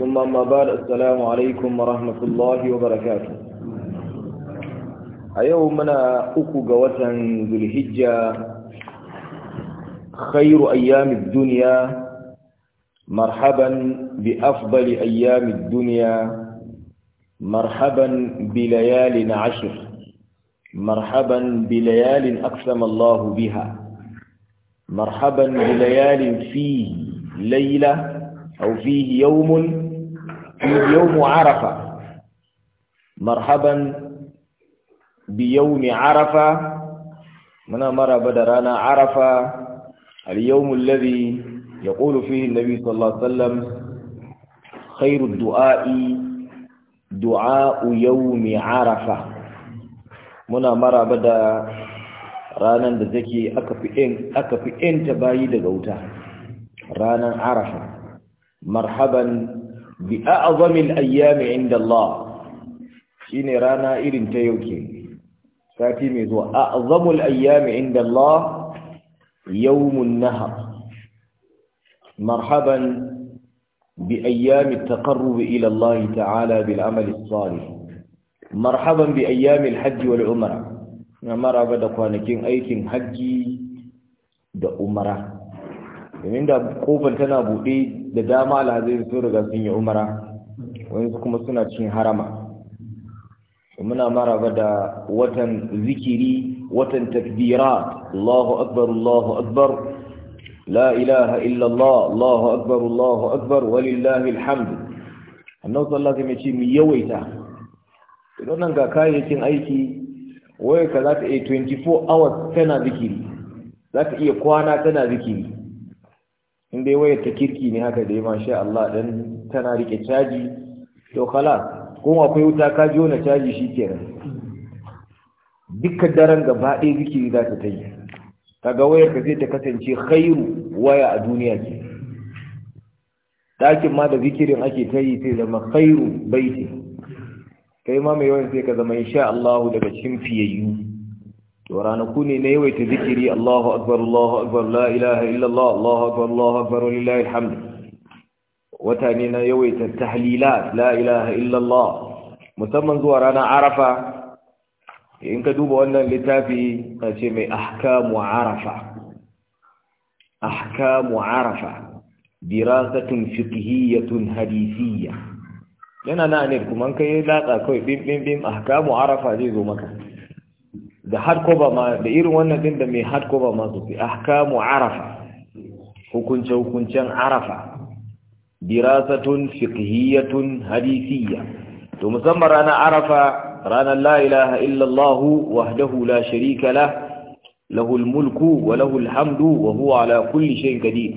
ثم ما بعد السلام عليكم ورحمة الله وبركاته أيوم منا أكو قوة ذو الهجة خير أيام الدنيا مرحبا بأفضل أيام الدنيا مرحبا بليال عشر مرحبا بليال أقسم الله بها مرحبا بليال فيه ليلة أو فيه يوم يوم عرفة مرحبا بيوم عرفة من أمر بدرانا عرفة اليوم الذي يقول فيه النبي صلى الله عليه وسلم خير الدعاء دعاء يوم عرفة من أمر بدرانا ranar da take aka fi ‘yanta bayi daga wuta ranar arafa marhaban بأعظم الأيام عند الله شين رانا إرن تيوكي فاتيميز وأعظم الأيام عند الله يوم النهر مرحبا بأيام التقرب إلى الله تعالى بالعمل الصالح مرحبا بأيام الحج والعمرة نمر أبدا قوانكين أيكين حجي دا أمره domin da kofar tana buɗe da dama alhazai su riga sun yi umara wani kuma suna cin harama muna maraba da watan zikiri watan takbira Allahu akbar Allahu akbar la ilaha illallah Allahu akbar Allahu akbar walillahi alhamdu annabi sallallahu alaihi wasallam ce mu yawaita idan nan ga kayayyakin aiki waya ka za ta iya 24 hours tana zikiri za ta iya kwana tana zikiri in dai wayar ta kirki ne haka dai mashi Allah dan tana rike caji to kala ko akwai wuta ka jiyo na caji shi kenan. dukkan daren gaba ɗaya zikiri za ta yi kaga wayar ka zai ta kasance khairu waya a duniya ke ɗakin ma da zikirin ake ta yi sai zama khairu baiti kai ma mai yawan sai ka zama insha Allah daga cikin fiyayyu to ranaku ne na yawaita zikiri Allahu akbar Allahu akbar la ilaha illallah Allahu akbar Allahu akbar lillahi alhamd wata ne na yawaita tahlilat la ilaha illallah musamman zuwa ranar arafa in ka duba wannan littafi na ce mai ahkamu arafa ahkamu arafa dirasatun fiqhiyyatun hadisiyya yana na ne kuma kai latsa kawai bim bim bim ahkamu arafa zai zo maka da hardcover ma da irin wannan din da mai hardcover ma su fi ahkamu arafa hukunce hukuncen arafa dirasatun fiqhiyatun hadisiyya to musamman ranar arafa ranar la ilaha illallah wahdahu la sharika la lahul mulku wa lahul hamdu wa huwa ala kulli shay'in qadir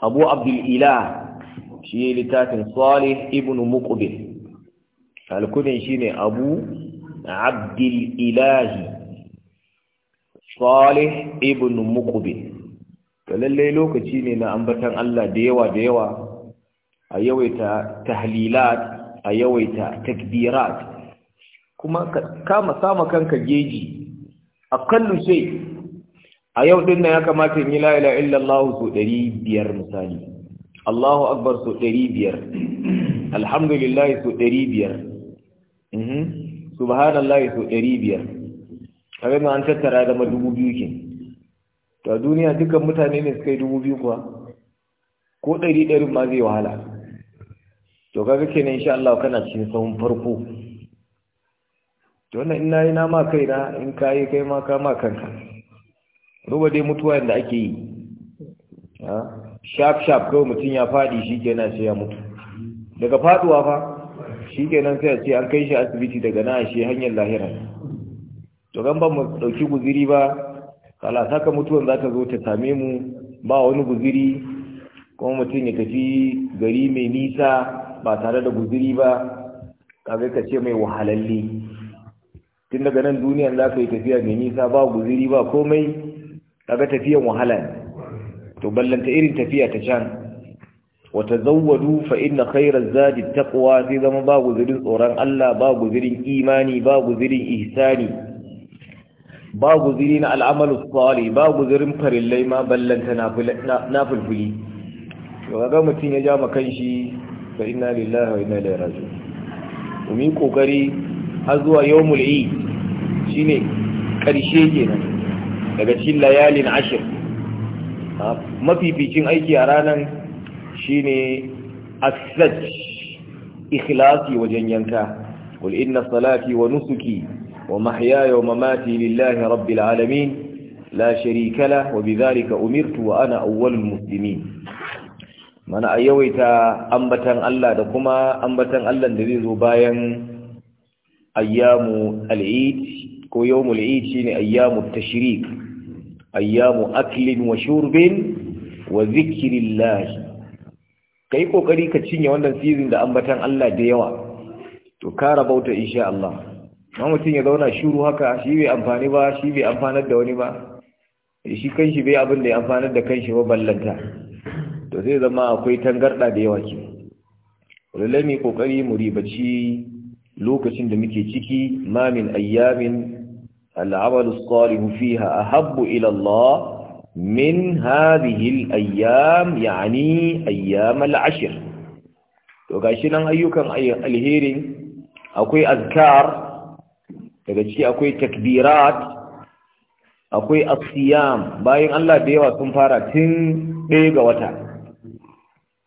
abu abdul ilah shi littafin salih ibn muqbil alkunin shine abu عبد الإله صالح ابن مقبل lallai lokaci ne na ambatan Allah da yawa da yawa a yawaita tahlilat a yawaita takbirat kuma kama sama kanka geji akallu sai a yau din nan ya kamata in yi la ilaha illallah so 500 misali Allahu akbar so 500 alhamdulillah so 500 mhm subhanallahi so ɗari biyar kawai ma an tattara zama dubu biyu ke to duniya dukkan mutane ne suka yi dubu biyu kuwa ko ɗari ɗarin ma zai wahala to kaga kenan insha Allah kana cikin sahun farko to wannan ina yi na ma kaina in ka yi kai ma ka ma kanka ruba dai mutuwa yadda ake yi ah, sharp sharp kawai mutum ya faɗi shi kenan sai ya mutu daga faɗuwa fa shi kenan sai a ce an kai shi asibiti daga na shi hanyar lahira to gan ba mu ɗauki guziri ba kala saka mutuwan za ta zo ta same mu ba wani guziri kuma mutum ya tafi gari mai nisa ba tare da guziri ba kaga ka ce mai wahalalli tun daga nan duniyan za ka yi tafiya mai nisa ba guziri ba komai kaga tafiyan wahala to ballanta irin tafiya ta can وتزودوا فإن خير الزاد التقوى إذا ما باغو ذرين أوران الله باغو ذرين إيماني باغو ذرين إهساني باغو ذرين العمل الصالي باغو ذرين فرلي ما بلنت نافل فلي وقام متين يجا مكنشي فإنا لله وإنا إليه راجعون ومن كوكري أزوى يوم العيد شيني كرشي كينا daga cikin layalin ashir mafificin aiki a ranar shine ne sajj ikhlasi wajen yanka qul inna salati wa nusuki wa mahyaya wa mamati lillahi rabbil alamin la sharika lah wa bidhalika umirtu wa ana awwalul muslimin mana ayyawaita ambatan Allah da kuma ambatan Allah da zai zo bayan ayyamu al-eid ko yawmul eid shine ayyamu tashrik ayyamu aklin wa shurbin wa zikrillah ka yi ƙoƙari ka cinye wannan sirrin da ambatan Allah da yawa to ka rabauta insha Allah ma mutum ya zauna shiru haka shi bai amfani ba shi bai amfanar da wani ba eh, shi kanshi bai abin da ya amfanar da kanshi ba ballanta to sai zama akwai tangarɗa da yawa ke lallai mu kokari mu ribaci lokacin da muke ciki ma min ayyamin al'amalu salihu fiha ahabbu ila Allah min hadhihi al-ayyam yani ayyam al-ashr to gashi nan ayyukan alherin akwai azkar daga ciki akwai takbirat akwai asiyam bayan Allah da yawa sun fara tun ɗaya ga wata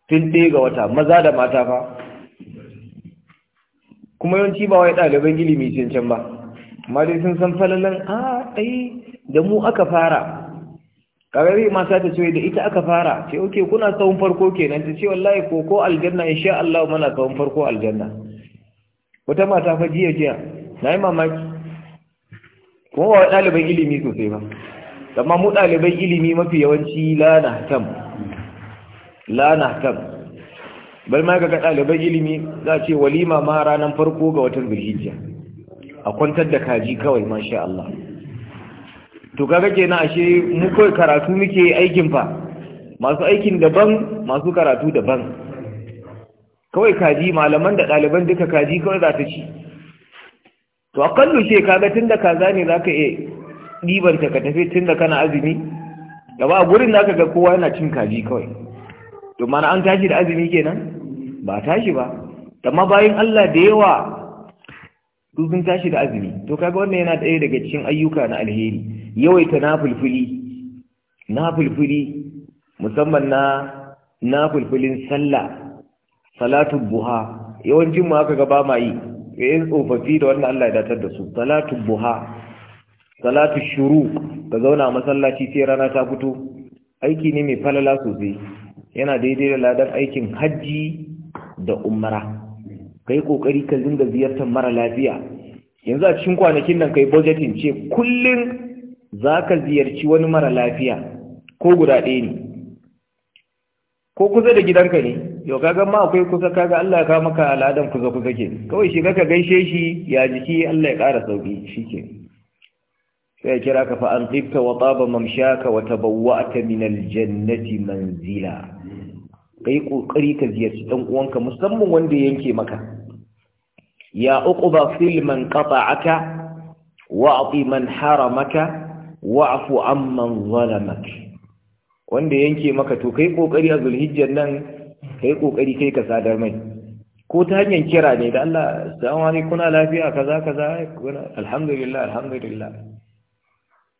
tun ɗaya ga wata maza da mata fa kuma yawanci ba wai ɗaliban ilimi can can ba amma dai sun san falalan a ah, ɗai da mu aka fara karari ma sa ta ce da ita aka fara ce oke kuna tsawon farko kenan ta ce wallahi ko ko aljanna insha Allah muna tsawon farko aljanna wata mata fa jiya jiya na yi mamaki kuma ba ɗaliban ilimi sosai ba amma mu ɗaliban ilimi mafi yawanci lana tam lana tam bal ma ga ɗaliban ilimi za a ce walima ma ranar farko ga watan zulhijja a kwantar da kaji kawai masha Allah to kaga kenan ashe mu kai karatu muke aikin fa masu aikin daban masu karatu daban kawai kaji malaman da ɗaliban duka kaji kawai za ta ci to akallu ce kaga tunda kaza ne zaka iya ɗibanta ka tafi tunda kana azumi gaba a gurin zaka ga kowa yana cin kaji kawai to mana an tashi da azumi kenan ba tashi ba amma bayan Allah da yawa su sun tashi da azumi to kaga wannan yana ɗaya daga cikin ayyuka na alheri yawaita nafulfuli nafulfuli musamman na nafulfulin sallah salatu buha yawancin mu aka ga ba ma yi yayin tsofaffi da wannan Allah ya datar da su salatu buha salatu shuru ka zauna masallaci sai rana ta fito aiki ne mai falala sosai yana daidai da ladan aikin hajji da umara ka yi ƙoƙari ka zinga ziyartar mara lafiya yanzu a cikin kwanakin nan kai bajetin budgeting ce kullum za ka ziyarci wani mara lafiya ko guda ɗaya ne ko kusa da gidanka ne yau kaga ma akwai kusa kaga Allah ya kawo maka al'adan kusa kusa ke kawai shiga ka gaishe shi ya jiki Allah ya ƙara sauki shike sai ya kira ka fa an tibta wa taba mamshaka wa tabawwa'ta min aljannati manzila kai kokari ka ziyarci dan uwanka musamman wanda yanke maka ya uquba fil man qata'aka wa ati man haramaka wa afu amman zalamaka wanda yanke maka to kai kokari a zulhijjar nan kai kokari kai ka sadar mai ko ta hanyar kira ne da Allah assalamu alaikum kuna lafiya kaza kaza alhamdulillah alhamdulillah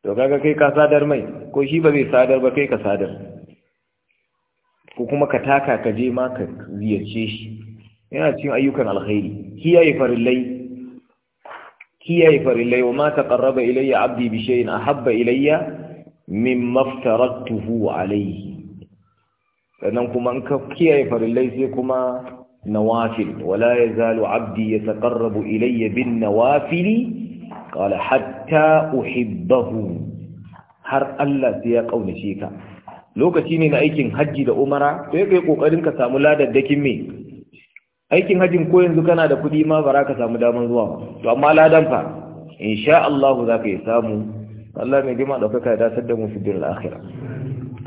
to kaga kai ka sadar mai ko shi ba zai sadar ba kai ka sadar ko kuma ka taka ka je ma ka ziyarce shi yana cikin ayyukan alkhairi kiyaye farillai kiyaye farillai wa ma taqarraba ilayya 'abdi bi shay'in ahabba ilayya mimma aftaratuhu alayhi sannan kuma an ka kiyaye farillai sai kuma nawafil wala yazalu 'abdi yataqarrabu ilayya bin nawafili qala hatta uhibbahu har Allah sai ya kaunace ka lokaci ne na aikin hajji da umara sai kai kokarin ka samu ladaddakin me aikin hajjin ko yanzu kana da kuɗi ma ba za ka samu damar zuwa to amma ladan fa insha Allah za ka yi samu Allah mai da ɗaukaka ya dasar da mu fi akhirah